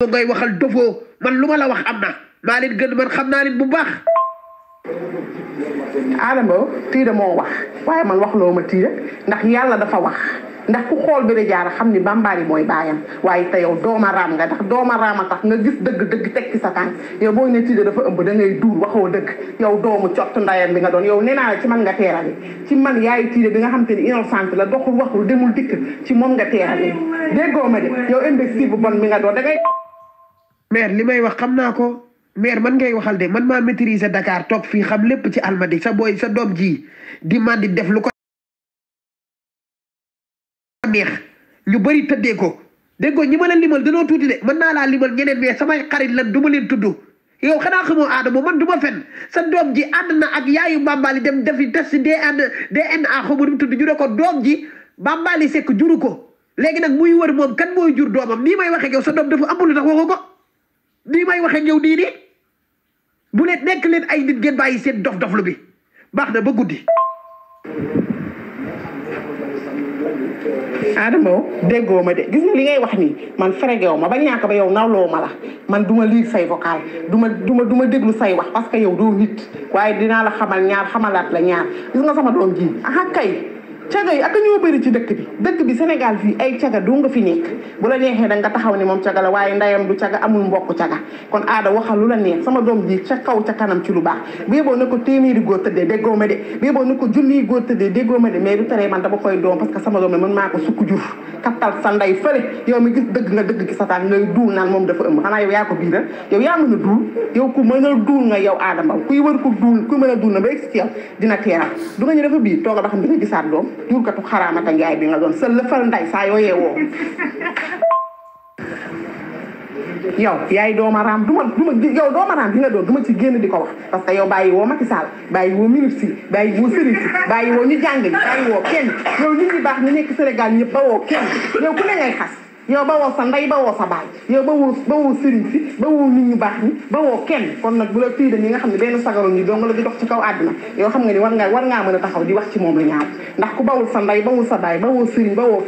ngay waxal dofoo man lu ma la wax am na maa leen gën man xam naa leen bu baax Adama tiida moo wax waaye man wax loo ma tiida ndax yàlla dafa wax ndax ku xool bi di jaar xam ni bambali mooy baayam waaye te yow dooma nga ndax dooma a tax nga gis dëgg dëgg teg ci sa tànk yow boo ne tiida dafa ëmb da ngay duur waxoo dëgg yow doomu cott ndayam bi nga doon yow nee naa la ci man nga teerale ci man yaay tiida bi nga xam te ni innocente la doxul waxul demul dikk ci moom nga teerale déggoo ma de yow imbécile maire li may wax xam naa ko maire man ngay waxal de man maa maîtriser Dakar toog fii xam lépp ci almadi sa booy sa doom ji di man di def lu ko neex ñu bëri tëddee ko dégg nga ñi ma la limal danoo tuuti de mën naa laa limal ñeneen mais samay xarit lan du ma leen tudd yow xanaa xamoo aadama man du ma fen sa doom ji ànd na ak yaayu bambali dem defi test DNA xamu nu mu tudd ñu ne doom ji bambali sekk juru ko léegi nag muy wër moom kan mooy jur doomam nii may waxee ko sa doom dafa amul lu tax waxoo ko lii may waxee yow diini bu leen nekk leen ay nit ngeen bàyyi seen dof-doflu bi baax na ba guddi. Adamo déggoo ma de gis nga li ngay wax nii man feregew ma ba ñàkk ba yow nawloo ma la man duma ma say vocal du ma du ma du say wax parce que yow doo nit waaye dinaa la xamal ñaar xamalaat la ñaar gis nga sama doom ji aha kay. caga yi ak ñoo bëri ci dëkk bi dëkk bi Sénégal fii ay caga du nga fi nekk bu la neexee da nga taxaw ni moom caga la waaye ndeyam du caga amul mbokk caga kon aada waxal lu la neex sama doom ji ca kaw ca kanam ci lu baax bii boo na ko téeméeri góor tëddee déggoo ma de ko junniy góor tëddee déggoo ma de mais du teree man dama koy doom dëgg nga dëgg ci sa taat ngay duul naan moom dafa ëmb ah? a duul yow a duul nga yow aadama kuy ba dina teeral du nga ñu xam nga gisaat doom jurkatu xaraamata njaay bi nga doon sa lëfal nday saa yoo yeewoo yow yaay dooma raam du ma du ma yow dooma raam bi nga doon du ma ci génn di ko wax parce que yow bàyyi woo Macky Sall bàyyi woo ministre yi woo sëriñ si bàyyi woo ñu jàng ñi bàyyi woo kenn yow nit ñi baax ñu nekk Sénégal ñëpp ba woo kenn yow ku ne ngay yow ba woo sa ndey ba woo sa baay yow ba sëriñ si ba nit ñu baax ñi ba kenn kon nag bu la tiida ñi nga xam ne benn sagaru ñi dong la di dox ci kaw àdduna yow xam nga ni war nga war ngaa mën a taxaw wax ci moom lu ñaaw ndax ku bawul sa ndey bawul sa baay ba woo sëriñ ba woo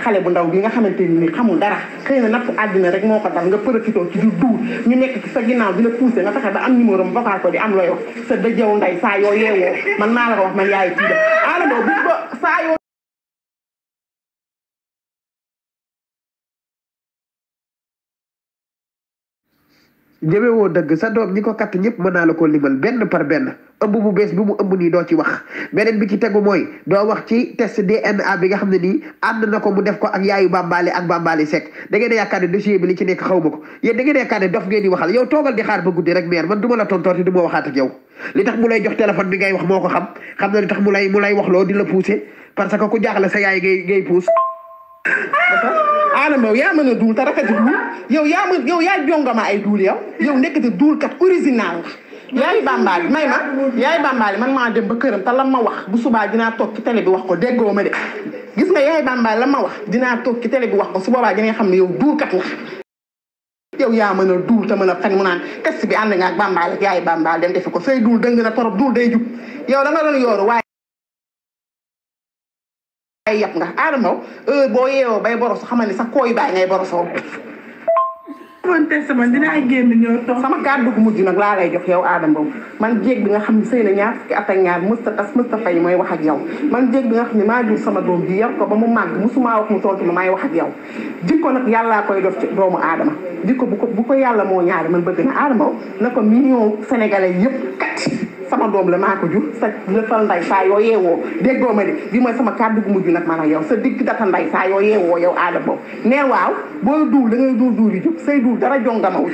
xale bu ndaw bi nga xamante ni xamul dara xëy na napp àdduna rek moo ko dal nga profitoo ci du duur ñu nekk ci sa ginnaaw di la poussé nga fexe ba am numéro am vocal ko di am looy wax sa dëjëw ndey saa yoo yeewoo man maa la wax man yaay tiida ñemewoo dëgg sa doom ñi ko katt ñëpp mën naa la ko limal benn par benn ëmb bu bees bi mu ëmb nii doo ci wax beneen bi ci tegu mooy doo wax ci test DNA bi nga xam ne nii ànd na ko mu def ko ak yaayu bàmbaale a yaakaar ne dossier nekk xaw ma ko yéen a yaakaar ne dof ngeen di waxal yow toogal di xaar ba guddi rek meer man du ma la tontooti du ma waxaat ak yow li tax mu lay jox téléphone bi ngay wax moo ko xam xam na tax mu lay mu lay waxloo di la pousser parce que ku jaaxle sa yaay ngay ngay Adama yow yaa mën a duul te rafet duul yow yaa mën yow yaa jongama ay duul yow yow nekkati duul kat original yaay bàmbaali may ma yaay bàmbaali man maa dem ba këram te lan ma wax bu subaa dinaa toog ci télé bi wax ko déggoo ma de gis nga yaay bàmbaali lan ma wax dinaa toog ci télé bi wax ko su boobaa dina xam ne yaw duul kat la yow yaa na a duul te mën a fen mu naan kese bi ànd nga ak yaay bàmbaali dem defi ko say duul dëng na torop duul day jub yow da nga doon waaye ay yàpp nga Adama heure boo yeewoo bay boros xamal ni sa kooy baay ngay borosoo. sama kàddu gu mujj nag laa lay jox yow Adama man jéeg bi nga xam ne sëy ñaar fukki at ak ñaar mësta tas mësta fay mooy wax ak yow man jéeg bi nga xam ne maa jur sama doom ji yar ko ba mu màgg musuma wax mu tontu ma maay wax ak yow jikko nag yàllaa koy def ci doomu Adama jikko bu ko bu ko yàlla moo ñaari man bëgg na Adama na ko million sénégalais yëpp kat sama doom la maa ko jur sa lëfal nday saa yoo yeewoo déggoo ma bi mooy sama kàddu gu mujj nag maanaam yow sa digg data nday saa yoo yow aada boobu waaw boo duul da ngay duul duul yi jóg say duul dara jongamawu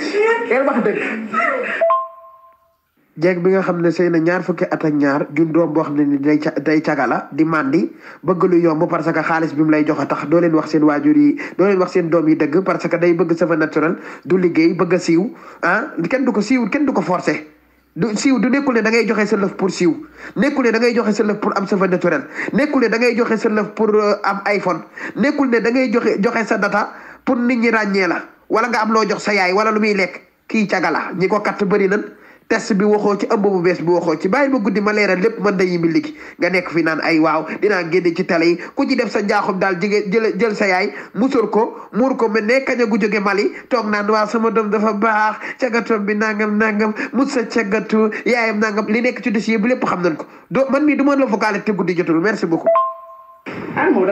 bi nga xam ne sëy na ñaar fukki at ak ñaar jun doom boo xam ne ni day ca day cagala di màndi bëgg lu yomb parce que xaalis bi mu lay jox tax doo leen wax seen waajur yi doo leen wax seen doom yi dëgg parce que day bëgg sa fa naturel du liggéey bëgg a siiw ah kenn du ko siiw kenn du ko forcé du siiw du nekkul ne da ngay joxe sa lëf pour siiw nekkul ne da ngay joxe sa pour am sa fa naturel nekkul ne da ngay joxe sa lëf pour euh, am iPhone nekkul ne da ngay joxe joxe sa data pour nit ñi ràññee la wala nga am loo jox sa yaay wala lu muy lekk kii caga ñi ko katt bëri nan test bi waxoo ci ëmb bu bees bi waxoo ci bàyyi ba guddi ma leeral lépp mën na yimbi liggi nga nekk fi naan ay waaw dinaa génne ci tale yi ku ci def sa njaaxum daal jigéen jël sa ne waa sama doom dafa baax cagatoom bi nangam nangam mus sa cagatu yaayam nangam li nekk ci dossier bi lépp xam nañ ko do man mii du ma la vocale te guddi jotul merci beaucoup. Adama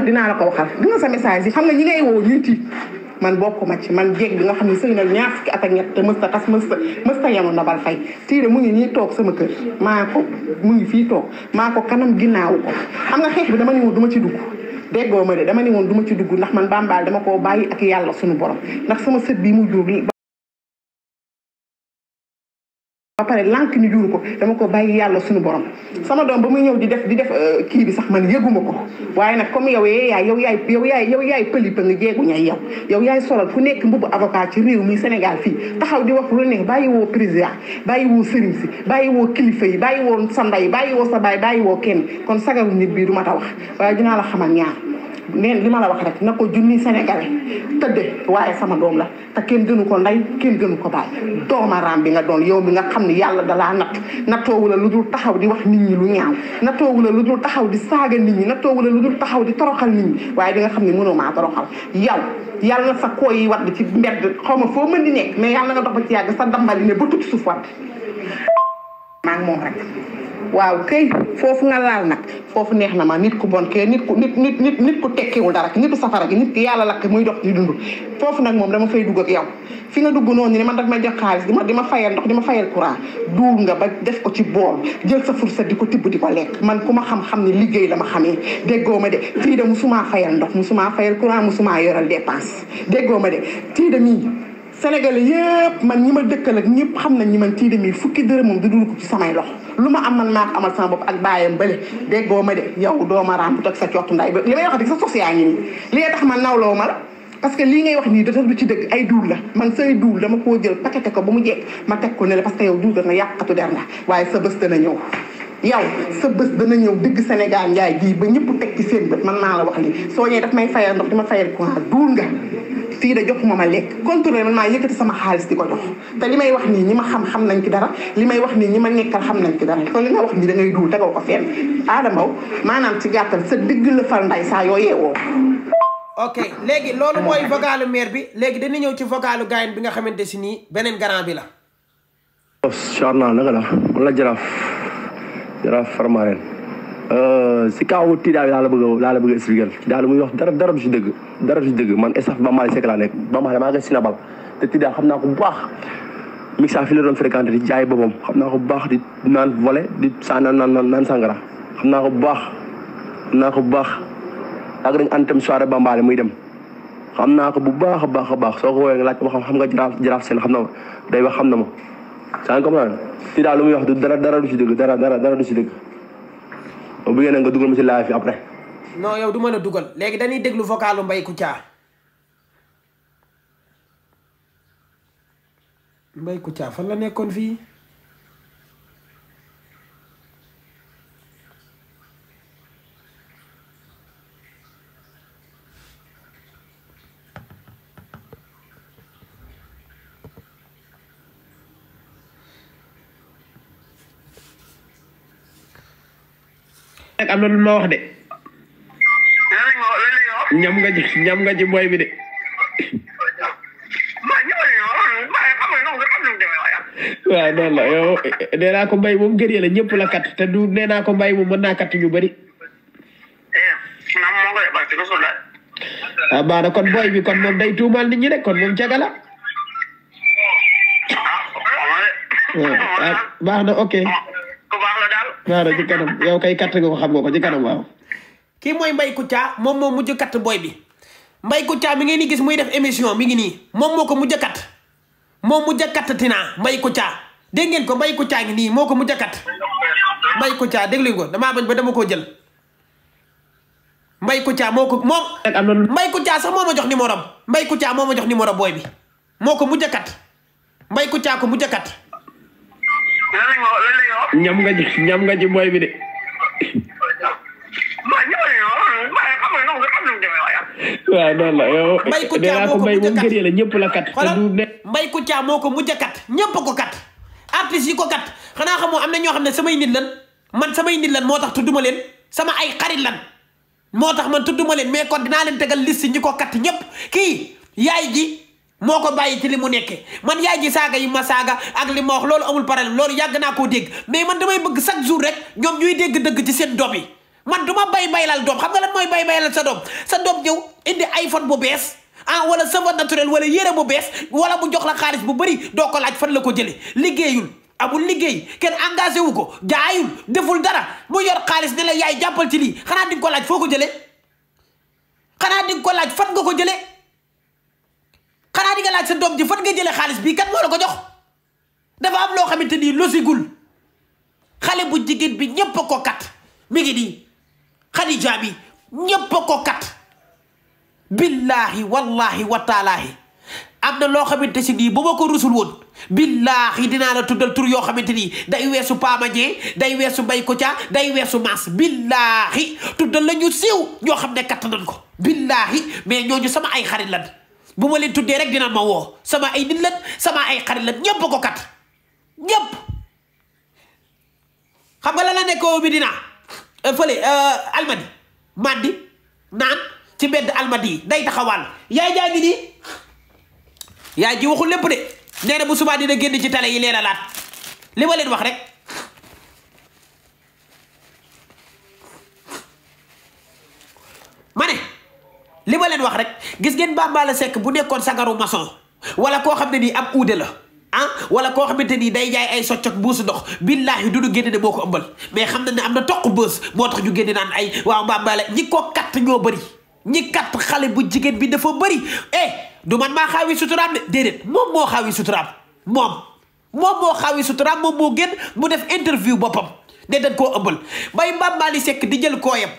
da nga koy a a man bokkuma ci man jéeg bi nga xam ne sëy na ñaar fukki at ak ñett te mës tas mës ta mës ta yenu fay tiire mu ngi nii toog sama kër maa ko mu ngi fii toog maa ko kanam ginnaaw ko xam nga xeex bi dama ne woon duma ci dugg déggoo ma de dama ne woon duma ci dugg ndax man bàmbaal dama koo bàyyi ak yàlla suñu borom ndax sama sët bi mu jur ba pare lànk ñu jur ko dama ko bàyyi yàlla suñu borom sama doom ba muy ñëw di def di def euh, kii bi sax man yëguma ko waaye nag comme yow yaay yow yaay yow yaay yow yaay pëli pa nga jeegu ñay yow yow yaay solal fu nekk mbubu avocat ci réew mi Sénégal fii taxaw di wax lu nekk bàyyi woo président bàyyi woo sëriñ si bàyyiwoo kilifa yi bàyyi woo sa ndey bàyyi woo sa baay bàyyi woo kenn kon sagaru nit bii du ma ta wax waaye dinaa la xam xamal ñaar neen li ma la wax rek na ko junni sénégalais tëdde waaye sama doom la te kenn gënu ko ndey kenn gënu ko baay raam bi nga doon yow bi nga xam ne yàlla dalaa natt nattoowu la lu dul taxaw di wax nit ñi lu ñaaw nattoowu la lu dul taxaw di saaga nit ñi nattoowu la lu dul taxaw di toroxal nit ñi waaye di nga xam ne mënoo maa toroxal yow yàlla na sa koo yi wadd ci mbedd xaw ma foo mën ni nekk mais yàlla nga dox ba ci yàgg sa dambali ne ba tukki suuf wadd maa ngi moom rek waaw kay foofu nga laal nag foofu neex na ma nit ku bon kee nit ku nit nit nit nit ku tekkiwul dara nit ku safara gi nit ki yàlla lakk muy dox di dund foofu nag moom dama fay dugg ak yow fi nga dugg noonu ne man daf may jox xaalis dima dima fayal ndox dima fayal courant duul nga ba def ko ci bool jël sa fourchette di ko tibb di ko lekk man ku ma xam-xam ni liggéey la ma xamee déggoo ma de tii de musumaa fayal ndox musumaa fayal courant musumaa yoral dépense déggoo ma de tii de mii Sénégalais yëpp man ñi ma dëkkal ak ñëpp xam nañ ñi man tiide mii fukki dërëm moom du dul ko ci samay loxo lu ma am man maa ko amal sama bopp ak bàyyam bële déggoo ma de yow doo ma ràmbu ak sa cottu ndaay ba li may wax rek sa sos yaa ngi nii li tax ma nawloo ma la parce que lii ngay wax nii data du ci dëkk ay duul la man say duul dama koo jël paqueté ko ba mu jekk ma teg ko ne la parce que yow duul da nga yàqatu der nga waaye sa bës dana ñëw yow sa bés dana ñëw dëgg Sénégal njaay jii ba ñëpp teg ci seen bët man naa la wax lii soo ñëwee daf may fayal ndox di ma fayal courant duul nga fii da jox ma ma lekk contrôlé man maa sama xaalis di ko jox te may wax nii ñi ma xam xam nañ ki dara li may wax nii ñi ma nekkal xam nañ ci dara kon li nga wax nii da ngay duul tegoo ko fenn Adama maanaam ci gàttal sa dëgg la fal saa yoo yeewoo ok léegi loolu mooy vocalu maire bi léegi dana ñëw ci vocalu gaayen bi nga xamante si nii beneen garant bi la charna naka la man la Jaraaf Farmaren euh, si kaw Tida bi laa la bëgg a laa la bëgg a expliquer muy wax dara dara du si dëgg dara du si man staff ba Malick Seck laa nekk ba Malick maa ngi si nabal te Tida xam naa ko bu baax. Mixa fi la doon fréquenté di jaay boppam xam naa ko bu baax di naan volé di saa naan naan naan sangara xam naa ko bu baax xam naa ko bu baax yàgg nañu ànd tam soirée bambale muy dem. xam naa ko bu baax a baax a baax soo ko woowee nga laaj ko xam xam nga jaraaf jaraaf seen xam na ma day wax xam na ma. sans comprendre si daal lu muy wax du dara dara du ci dëgg dara dara dara du ci dëgg bu bëggee nag nga dugal si ci live après. non yow du mën a dugal léegi dañuy déglu vocalu Mbaye Kouthia. Mbaye Kouthia fan la nekkoon fii. nag am na lu ma wax de. ji ñam nga ji booy naa ko mbay moom gëree la ñëpp la kat te du nee naa ko mbay moom mën naa kat ñu bëri. ah kon booy bi kon moom day tuumaal nit ñi rek kon moom jaga ah, ah, baax na ok. waaw ci kanam yow kay katt nga ko waaw. kii mooy Mbaye Kouthia moom moo mujj katt booy bi Mbaye Kouthia mi ngeen di gis muy def émission mi ngi nii moom moo ko mujj katt moom mujj katt Tina Mbaye Kouthia dégg ngeen ko Mbaye Kouthia ngi nii moo ko mujj katt Mbaye Kouthia dégg ngeen ko damaa bañ ba dama koo jël. Mbaye Kouthia moo ko moom. ak am na Mbaye Kouthia sax moo ma jox numéro am moo ma jox numéro booy bi moo ko mujj katt Mbaye Kouthia ko mujj katt ñam nga ñam nga ci booy bi de. waaw noonu la yow. mbay ku caa moo ko mujj a kat la ñëpp la kat. ko mujj a kat ñëpp ko kat. ko kat xanaa xamoo am na ñoo xam ne samay nit man samay nit lan moo tax tudduma leen sama ay xarit lan moo tax man tudduma leen mais kon dinaa leen tegal liste ñi ko kat ñëpp kii yaay ji. moo ko bàyyi ci li mu nekkee man yaay ji saaga yi ma saaga ak li ma wax loolu amul problème loolu yàgg naa koo dégg mais man damay bëgg chaque jour rek ñoom ñuy dégg dëgg ci seen doom yi man du ma bay baylal doom xam nga lan mooy bay baylal sa doom sa doom ñëw indi iPhone bu bees ah wala savon naturel wala yére bu bees wala bu jox la xaalis bu bëri doo ko laaj fan la ko jëlee liggéeyul amul liggéey kenn engagé wu ko jaayul deful dara mu yor xaalis ne la yaay jàppal ci lii xanaa di nga ko laaj foo ko jëlee xanaa di ko laaj fan nga ko jëlee. xanaa di nga laaj sa doom ji fan nga jëlee xaalis bi kat moo la ko jox dafa am loo xamante ni losigul xale bu jigéen bi ñëpp ko kat mi ngi nii Xadija bi ñëpp a ko kat billaahi wallaahi wataalaahi am na loo xamante si nii bu ma ko rusul woon billaahi dinaa la tuddal tur yoo xamante nii day weesu Pama Dieng day weesu Mbay Koca day weesu Maas billaahi tuddal la ñu siiw ñoo xam ne kat nañ ko billaahi mais ñooñu sama ay xarit lan bu ma leen tuddee rek dina ma woo sama ay nit lan sama ay xarit lan ñëpp ko kat ñëpp xam nga la la nekkoo bi dina euh, fële euh, almadi mandi naan ci mbedd almadi yi day taxawal yaay jaa ngi nii yaay ji waxul lépp de nee bu subaa dina génn ci tale yi leen a laat li ma leen wax rek ma ne li ma leen wax rek gis ngeen Bambala sekk bu nekkoon sagaru maçon wala koo xam ne nii am uude la ah wala koo xamante nii day jaay ay soccog buusu ndox billaahi du nu génne ne moo ko ëmbal mais xam na ne am na toq bës moo tax ñu génne naan ay waaw Bambala ñi ko katt ñoo bëri ñi katt xale bu jigéen bi dafa bëri eh du man maa xaawi suturaam de déedéet moom moo xaawi suturaam moom moom moo xaawi suturaam moom moo génn mu def interview boppam ne dañ koo ëmbal bay Bambali sekk di jël kooyam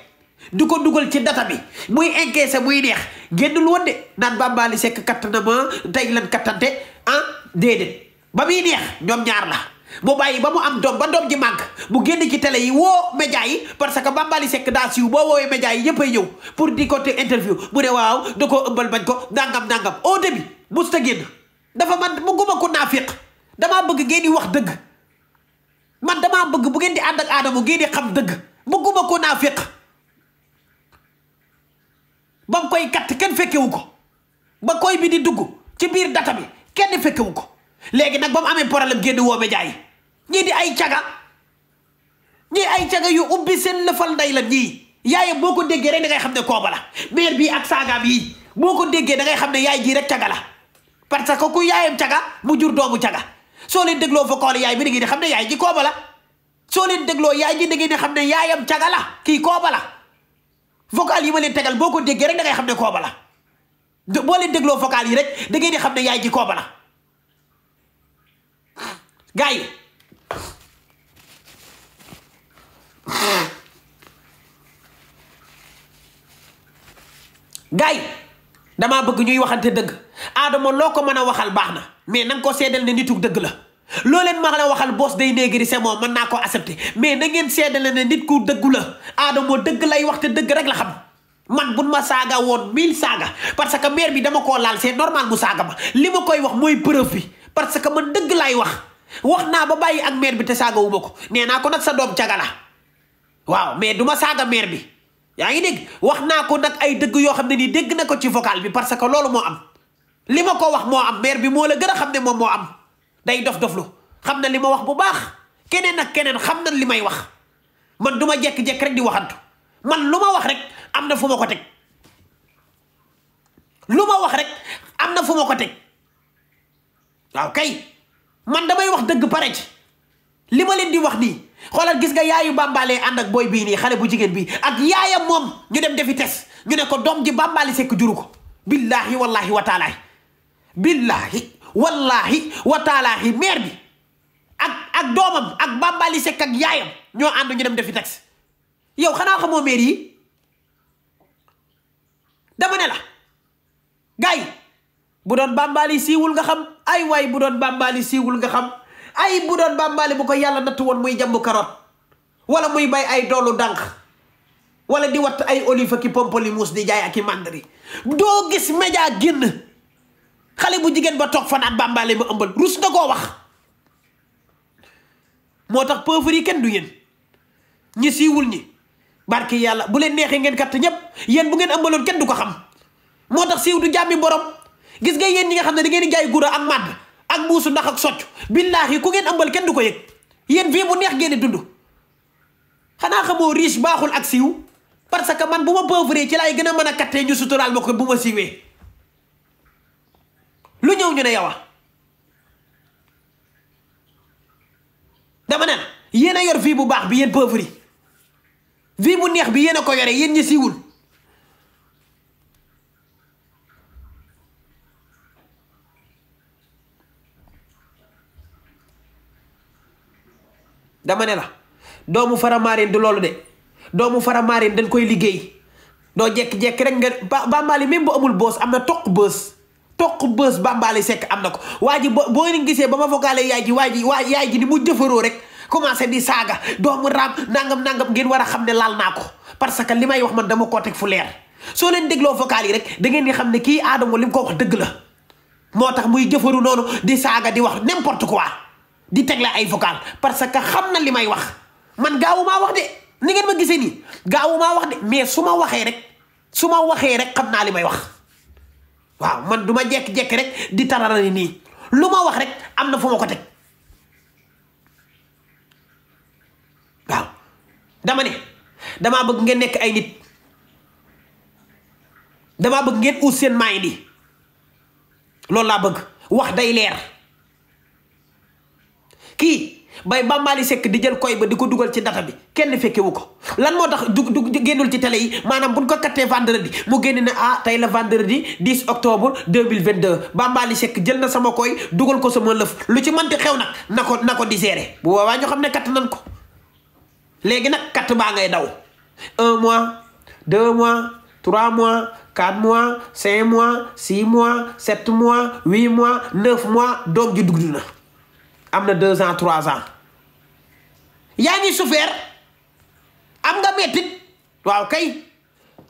du ko dugal ci data bi muy encaissé muy neex génnul woon de naan bàmbaali sekk kattana ma tey lan kattante ah déedéet ba muy neex ñoom ñaar la mu bàyyi ba mu am doom ba doom ji màgg mu génn ci télé yi woo média yi parce que Bambaly Seck daa siiw boo woowee média yi ñëppay ñëw pour di ko interview mu ne waaw di koo ëmbal bañ ko nangam nangam au début mosut a dafa man mu guma ko naafiq damaa bëgg ngeen di wax dëgg man damaa bëgg bu ngeen di ànd ak aadama ngeen xam dëgg mu guma ko naafiq ba mu koy katt kenn fekkewu ko ba koy bi di dugg ci biir data bi kenn fekkewu ko léegi nag ba mu amee problème génn woo média yi ñii di ay caga ñii ay caga yu ubbi seen lëfal nday la ñii yaaye boo ko déggee rek da ngay xam ne kooba la maire bii ak saagaam yii boo ko déggee da ngay xam ne yaay ji rek caga la que ku yaayam caga mu jur doomu caga soo leen dégloo fa koole yaay bi da ngeen xam ne yaay ji kooba la soo leen dégloo yaay ji da ngeen di ne yaayam caga la kii kooba la vocal yi ma leen tegal boo ko déggee rek da xam ne kooba la boo leen dégloo vocal yi rek da ngeen di xam ne yaay ji kooba la gars yi gars damaa bëgg ñuy waxante dëgg Adama loo ko mën a waxal baax na mais na nga ko seedal ne nitu dëgg la loo leen ma la waxal boos day néegri c'est moo mën naa ko accepté mais na ngeen seedale ne nit ku dëggu la Adamo dëgg lay wax te dëgg rek la xam man buñ ma saaga woon mille saaga parce que maire bi dama koo laal normal mu saaga ma li ma koy wax mooy preuve bi parce que man dëgg laay wax wax naa ba bàyyi ak maire bi te saaga wu ko nee naa ko nag sa doom caga waaw mais du ma saaga meer bi yaa ngi dégg wax naa ko nag ay dëgg yoo xam ne nii dëgg na ko ci vocal bi parce que loolu moo am li ma ko wax moo am maire bi moo la gën a xam ne moom moo am day dof doflu xam na li ma wax bu baax keneen ak keneen xam na li may wax man du ma jekk-jekk rek di waxantu man lu wax rek am na fu ko teg lu ma wax rek am na fu ko teg waaw kay man damay wax dëgg pare ci li ma leen di wax nii xoolal gis nga yaayu bàmbaalee ànd ak booy bii nii xale bu jigéen bi ak yaayam moom ñu dem defi test ñu ne ko doom ji bàmbaali sekk juru ko billaahi wallaahi wa taalaay billaahi wallaahi wataalaahi maire bi ak ak doomam ak Bambaly Seck ak yaayam ñoo ànd ñu dem defi yow xanaa xamoo maire yi dama ne la gars yi siiwul nga xam ay waay bu doon nga xam ay bu doon Bambaly ko yàlla natt woon muy jàmbu karoot wala muy bay ay doolu dànq wala di watt ay olive ki pompoli muus di jaay ak i mandri doo gis média génn xale bu jigéen ba toog fanaan bàmbaale ma ëmbal rus na koo wax moo tax pauvre yi kenn du yéen ñi siiwul ñi barke yàlla bu leen neexee ngeen katt ñépp yéen bu ngeen ëmbaloon kenn du ko xam moo tax siiw du jàmmi borom gis nga yéen ñi nga xam ne da ngeen di jaay gura ak màdd ak buusu ndax ak socc billaahi ku ngeen ëmbal kenn du ko yëg yéen fii mu neex ngeen di dund xanaa xamoo riche baaxul ak siiw parce que man bu ma pauvre ci laay gën a mën a kattee ñu suturaal ma ko bu ma siiwee lu ñëw ñu ne yawa dama ne la yéen a yor vie bu baax bi yéen pauvre yi vie bu neex bi yéen a ko yore yéen ñi siiwul dama ne la doomu faramarin du loolu de doomu faramarin dañ koy liggéey doo jekki-jekki rek nga ba bambali même bu amul boos am na toq boos toq bës bàmbaale sekk am na ko waa ji boo boo leen gisee ba ma fogaale yaay ji waa ji waa yaay ji ni mu jëfaroo rek commencé di saaga doomu raam nangam nangam ngeen war a xam ne laal naa ko parce que li may wax man dama koo teg fu leer soo leen dégloo vocal yi rek da di xam ne kii Adamo li mu ko wax la moo tax muy jëfaru noonu di saaga di wax n'importe quoi di teg la ay vocal parce que xam na li may wax man gaawumaa wax de ni ngeen ma gisee nii gaawumaa wax de mais su ma waxee rek su ma waxee rek xam naa li may wax. waaw man duma ma jekki-jekki rek di tararani nii lu ma wax rek am na fu ma ko teg waaw dama ne damaa bëgg ngeen nekk ay nit dama bëgg ngeen uus seen maay di loolu laa bëgg wax day leer kii bay bàmbaali sekk di jël koy ba di ko dugal ci data bi kenn fekkewu ko lan moo tax du du génnul ci télé yi maanaam buñ ko kattee vendredi mu génn ne ah tey la vendredi 10 octobre 2022 bàmbaali sekk jël na sama koy dugal ko sama lëf lu ci mënti xew nag na ko na ko di seere bu boobaa ñu xam ne katt nan ko nag katt baa ngay daw un mois deux mois trois mois quatre mois cinq mois six mois sept mois huit mois neuf mois doom ji dugg na am na deux ans trois ans yaa ngi souffert am nga mettit waaw kay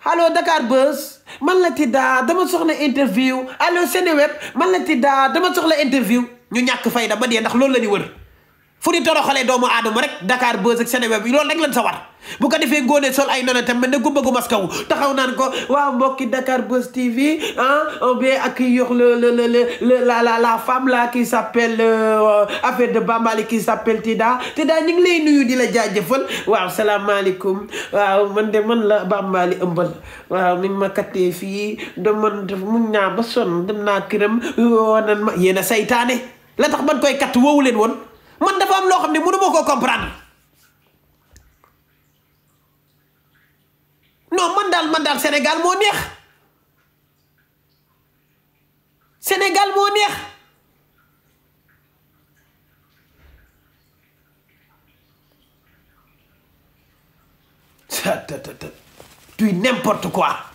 allo Dakar Buzz man la Tida dama soxla interview allo Seneweb man la Tida dama soxla interview ñu ñàkk da ba dee ndax loolu la ñu wër fu ni toroxalee doomu aadama rek Dakar Buzz ak Seneweb bi lool rek lan sa war bu ko defee góone sol ay nona tam mel ne gumba gu maskaw taxaw naan ko waaw mbokki Dakar Buzz TV ah on ak accueillir le la la la femme là qui s'appelle euh, affaire de Bambali qui s'appelle Tida Tida ñu ngi lay nuyu di la jaajëfal waaw salaamaaleykum waaw man de man la Bambali ëmbal waaw ni ma kattee fii de man muñ naa ba sonn dem naa këram wonan yéen a saytaane la tax man koy katt woowu leen woon man dafa am loo xam ne mënu ma koo comprendre non man daal man daal Sénégal moo neex Sénégal moo neex tu n'importe quoi